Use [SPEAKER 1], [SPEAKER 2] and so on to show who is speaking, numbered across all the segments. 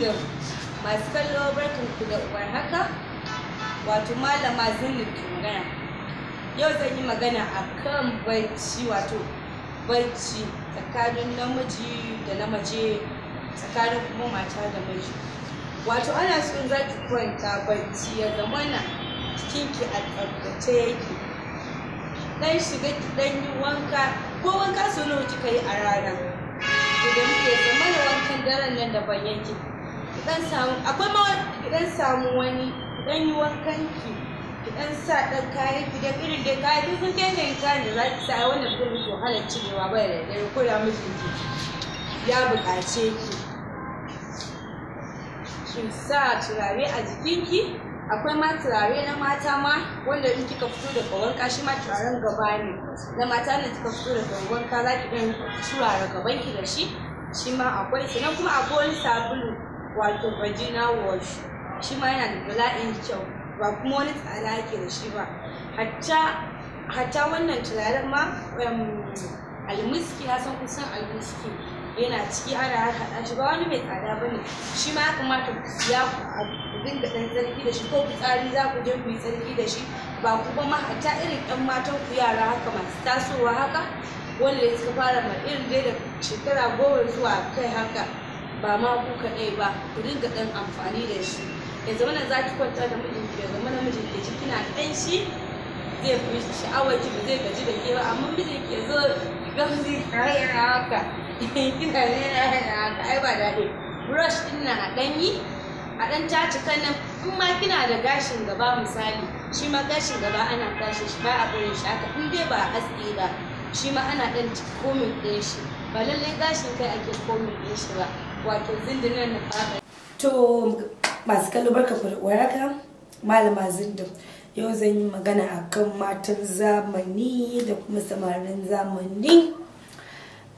[SPEAKER 1] kingdom masu kallo barkanku da uwar haka wato malama zinnin ke magana yau zan yi magana a kan bacci wato bacci tsakanin namiji da na mace tsakanin kuma mata da miji wato ana son za ki kwanta bacci ya zamana jikinki a tsaftace yake dan shiga ki dan yi wanka ko wanka su nawa kika yi a rana to da muke zamana wankan daren nan da ban yake dan samu akwai ma ki dan samu wani dan yi wankan ki ki dan sa dan kayan ki dan irin da kayan duk sun dai kayan da za ki sa wanda ba zai miki wahalar cirewa ba da dare ko da mijinki ya buƙace ki ki sa turare a jikinki akwai ma turare na mata ma wanda in kika fito da kawanka shi ma turaren gaba ne na mata ne kika fito da kawanka za ki dan turare gaban ki da shi shi ma akwai sannan kuma akwai wani sabulu wato vagina wash shi ma yana da bala'in kyau ba kuma wani tsada yake da shi ba hatta wannan turaren ma almiski ya san kusan almiski yana ciki ana haɗa shi ba wani mai tsada ba ne shi ma ya kamata ku siya ku dinga ɗan tsarki da shi ko fitsari za ku je ku yi tsarki da shi ba kuma ma hatta irin ɗan matan ku yara haka masu tasowa haka wanda suka fara ma irin dai da shekara goma zuwa kai haka ba ma ku kaɗai ba ku dinga ɗan amfani da shi ya zama na za ki kwanta da mijinki ya zama na mijinki ya ciki kina ɗan shi zai fi sha'awar ki ba zai gaji da ke ba amma mijinki ya zo gamsi zai kare haka kina ne na haka ai ba daɗi brush ɗin na a ɗan yi a ɗan caci kanan in ma kina da gashin gaba misali shi ma gashin gaba ana tashi shi ba a barin shi haka in dai ba a aske ba shi ma ana ɗan komin ɗin shi ba lallai gashin kai ake komin ɗin shi ba wato zindinan na to masu kallo barka ku waraka malama zindin yau zan yi magana a kan matan zamani da kuma samarin zamani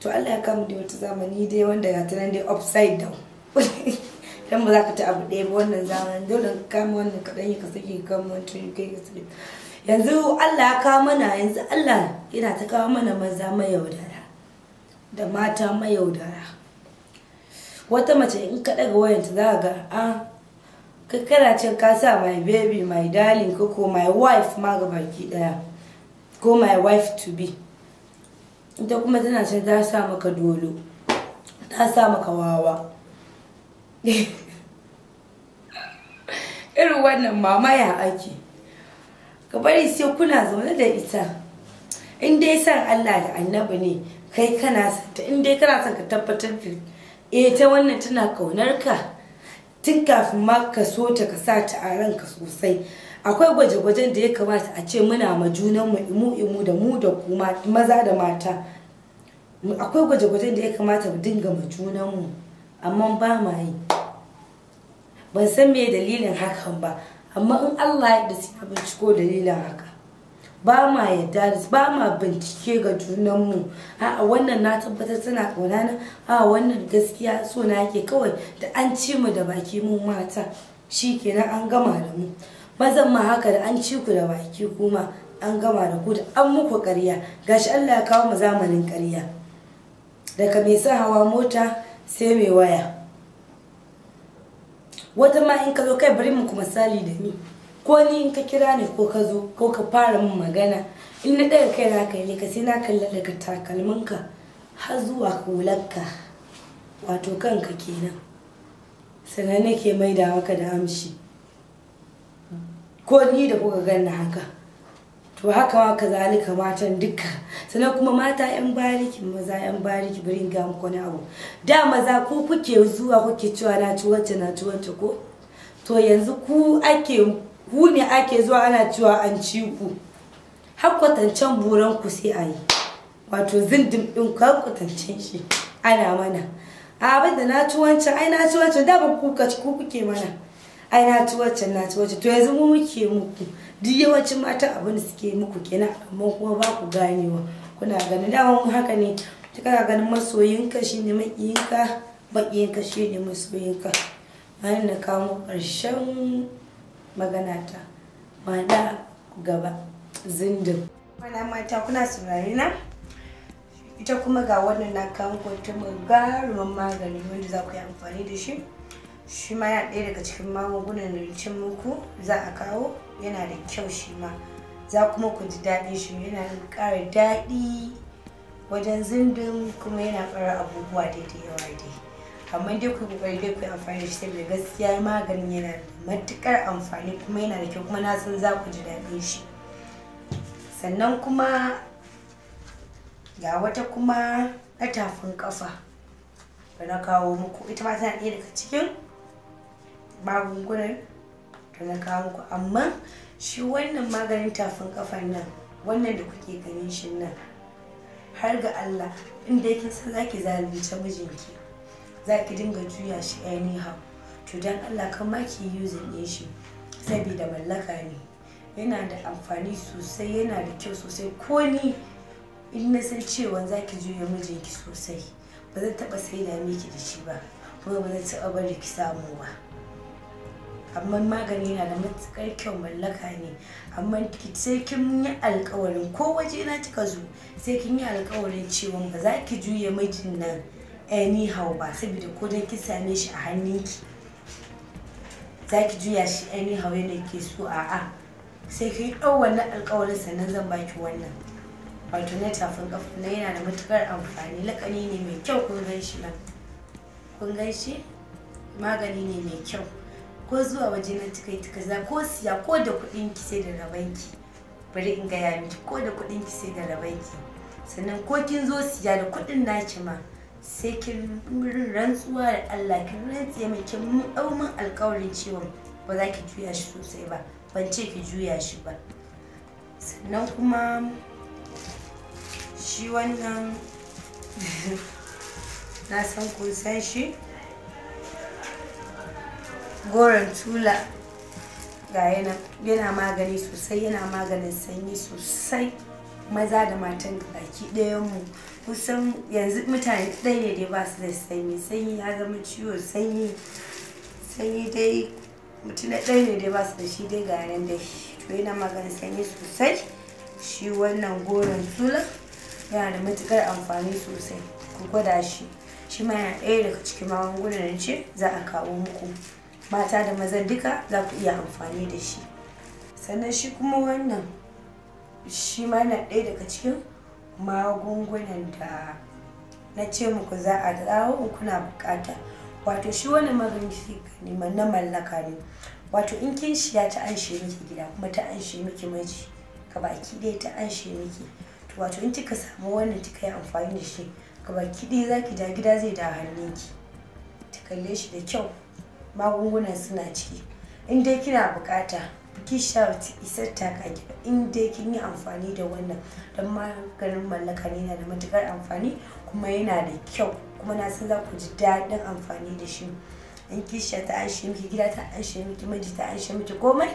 [SPEAKER 1] to Allah ya kama da wata zamani dai wanda ya ta nan dai upside down dan ba za ka ta abu ɗaya ba wannan zamani dole ka kama wannan kaɗan yi ka sake kama wancan kai ka sake yanzu Allah ya kawo mana yanzu Allah yana ta kawo mana maza mayaudara da mata mayaudara wata mace in ka daga wayanta za ga a ah, ka can ka sa my baby my darling ko my wife ma ga baki daya ko my wife to be ita kuma tana can ta sa maka dolo ta sa maka wawa irin wannan mamaya ake ka bari sai kuna zaune da ita in dai san Allah da annabi ne kai kana ta in dai kana son ka tabbatar eh ta wannan tana kaunar ka tun kafin ma ka so ta ka sa ta a ranka sosai akwai gwaje-gwajen da ya kamata a ce muna ma mu imu imu da mu da kuma maza da mata akwai gwaje-gwajen da ya kamata mu dinga ma junan mu amma ba ma yi ban san me dalilin hakan ba amma in Allah ya da sai binciko dalilin haka ba ma yadda ba ma bincike ga junan mu a wannan na tabbatar tana ƙauna na a wannan gaskiya so na yake kawai da an ci mu da baki mu mata shi kenan an gama da mu mazan ma haka da an ci ku da baki kuma an gama da ku da an muku ƙarya gashi Allah ya kawo mu zamanin ƙarya daga mai sa hawa mota sai mai waya wata ma in ka zo kai bari mu kuma sali da ni ko ni in ka kira ni ko ka zo ko ka fara min magana in na daga kai na kai ne ka sai na kalla daga takalminka har zuwa hularka wato kanka kenan sannan nake maida maka da amshi ko ni da kuka ganna haka to haka ma ka zalika matan duka sannan kuma mata yan bariki maza yan bariki birin ga muku wani abu da maza ku kuke zuwa kuke cewa na ci wacce na ci wacce ko to yanzu ku ake ku ne ake zuwa ana cewa an ci ku har kwatancen buran ku sai a yi wato zindin din ku har kwatancen shi ana mana abin da na ci wancan ai na ci wancan da ba ku ku kuke mana ai na ci wancan na ci wancan to yanzu mu muke muku duk yawancin mata abin da suke muku kenan amma kuma ba ku ganewa kuna ganin dama haka ne kana ganin masoyinka shine maƙiyinka baƙiyinka shine masoyinka bayan na kawo ƙarshen magana ta maɗa gaba zindin. Mana mata kuna saurari na? Ita kuma ga wannan na kan kwanta garuman magani wanda za ku yi amfani da shi. Shi ma ya ɗaya daga cikin magungunan da cin muku za a kawo yana da kyau shi ma. Za kuma ku ji daɗin shi yana ƙara daɗi wajen zindin kuma yana ƙara abubuwa daidai yawa dai. amma dai ku kokari dai ku amfani da shi saboda gaskiya maganin yana da matukar amfani kuma yana da kyau kuma na san za ku ji daɗin shi sannan kuma ga wata kuma na tafin kafa da na kawo muku ita ma tana ɗaya daga cikin magungunan da na kawo muku amma shi wannan maganin tafin kafan nan wannan da kuke ganin shi nan har ga Allah inda yake san zaki zalunce mijinki za ki dinga juya shi anyhow to don allah kan ma ki using ɗin shi saboda mallaka ne yana da amfani sosai yana da kyau sosai ko ni in na san cewa za ki juya mijinki sosai ba zan taɓa saida miki da shi ba kuma ba zan taɓa bari ki samu ba amma magani yana da matuƙar kyau mallaka ne amma sai kin yi alƙawarin ko waje na kika zo sai kin yi alƙawarin cewa ba za ki juya mijin nan anyhow ba saboda ko dan ki same shi a hannunki za ki juya shi anyhow yadda ke so a'a sai ki ɗau wannan alƙawarin sannan zan baki wannan wato na tafin ƙafa na yana da matukar amfani lakani ne mai kyau kun gan shi ba kun gan shi magani ne mai kyau ko zuwa waje na tukai tuka za ko siya ko da kuɗin ki sai da ki bari in gaya miki ko da kuɗin ki sai da ki sannan ko kin zo siya da kuɗin naki ma sai kin rantsuwa da Allah kin rantse mai kin mu dau min alƙawarin cewa ba za ki juya shi sosai ba ban ce ki juya shi ba sannan kuma shi wannan na san kun san shi goron tula ga yana magani sosai yana maganin sanyi sosai maza da matan baki mu kusan yanzu mutane ɗaya ne dai ba su da sanyi sanyi ya zama ciwo sanyi sanyi dai mutum ɗaya ne dai ba su da shi dai ga yaren dai to yana magana sanyi sosai shi wannan goron tula yana da matukar amfani sosai ku gwada shi shi ma yana ɗaya daga cikin magungunan ce za a kawo muku mata da maza duka za ku iya amfani da shi sannan shi kuma wannan shi ma yana ɗaya daga cikin magungunan da na ce muku za a dawo in kuna bukata wato shi wani magani na mallaka ne wato in kin ya ta an shi miki gida kuma ta an shi miki maji ka baki ɗaya ta an shi miki to wato in kika samu wannan kika yi amfani da shi ka baki ɗaya za ki ja gida zai da ki ta kalle shi da kyau magungunan suna ciki in dai kina bukata t-shirt isar taka in dai kin yi amfani da wannan don maganin mallaka ne yana da matukar amfani kuma yana da kyau kuma na san za ku ji daɗin amfani da shi in kishiya ta an shi miki gida ta an shi miki miji ta an shi miki komai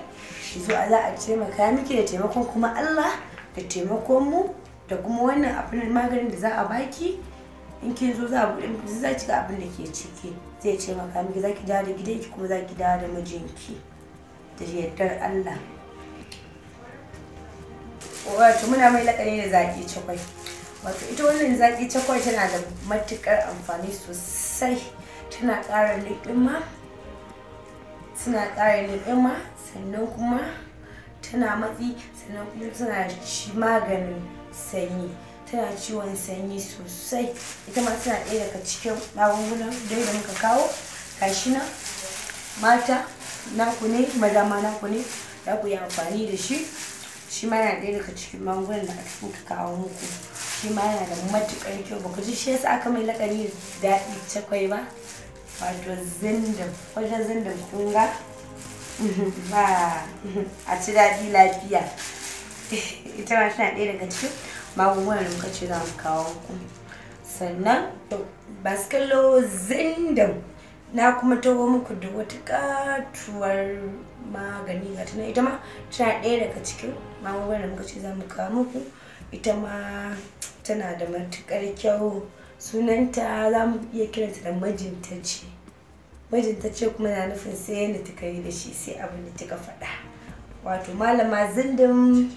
[SPEAKER 1] ki zo za a taimaka miki da taimakon kuma Allah da taimakon mu da kuma wannan abin maganin da za a baki in kin zo za a za ki ga abin da ke ciki zai taimaka miki za ki dawo da gidanki kuma za ki dawo da mijinki. da yardar Allah wato muna mai lakani da zaki cakwai wato ita wannan zaki cakwai tana da matukar amfani sosai tana ƙara liƙima suna ƙara liƙima sannan kuma tana matsi sannan kuma tana ci maganin sanyi tana ciwon sanyi sosai ita ma tana ɗaya daga cikin magungunan da muka kawo gashi nan mata naku ne maza ma naku ne za ku yi amfani da shi shi ma yana ɗaya daga cikin magungunan da aka kuka kawo muku shi ma yana da matuƙar kyau ba ku ji shi yasa aka mai lakani da daɗi cakwai ba wato zindin wajen zindin kunga ba a ci daɗi lafiya ita ma tana ɗaya daga cikin magungunan da muka ce za mu kawo muku sannan ba su kallo zindin na kuma taho muku da wata katuwar magani ga tana ita ma tana ɗaya daga cikin magungunan da muka ce za mu kawo muku ita ma tana da matukar kyau sunanta za mu iya kiranta da majinta Majintace kuma na nufin sai yadda ta kai da shi sai abin da kika faɗa wato malama zindin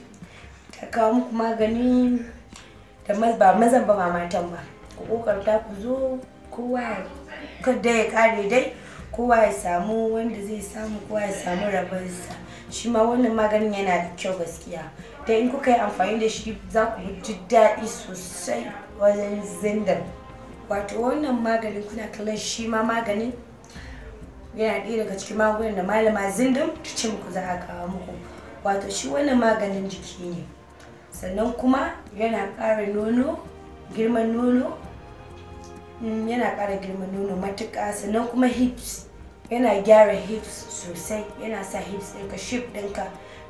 [SPEAKER 1] ta kawo muku magani da ba mazan ba ba matan ba ku kokarta ku zo kowa ya kada ya kare dai kowa ya samu wanda zai samu kowa ya samu rabarsa. shi ma wannan maganin yana da kyau gaskiya da in kuka yi amfani da shi za ku ji daɗi sosai wajen zindan wato wannan maganin kuna kallon shi ma maganin yana ɗaya daga cikin magungunan da malama zindan ta ce muku za a kawo muku wato shi wannan maganin jiki ne sannan kuma yana ƙara nono girman nono Mm, yana ƙara girman nono matuƙa sannan kuma hips yana gyara hips sosai yana sa hips ɗinka shape ɗinka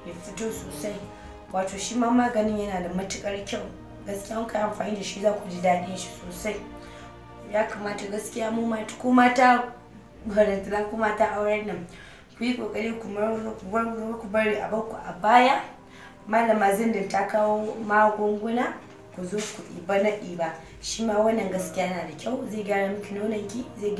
[SPEAKER 1] ya fito sosai wato shi ma maganin yana da matuƙar kyau gaskiya ka amfani da shi za ku ji daɗin shi sosai ya kamata gaskiya mu mata ko mata barantana ko mata auren nan ku yi ƙoƙari ku bari a ku a baya malama zindin ta kawo magunguna ku zo ku ɗiba na ɗiba shi ma wannan gaskiya yana da kyau zai gyara miki nonanki zai gyara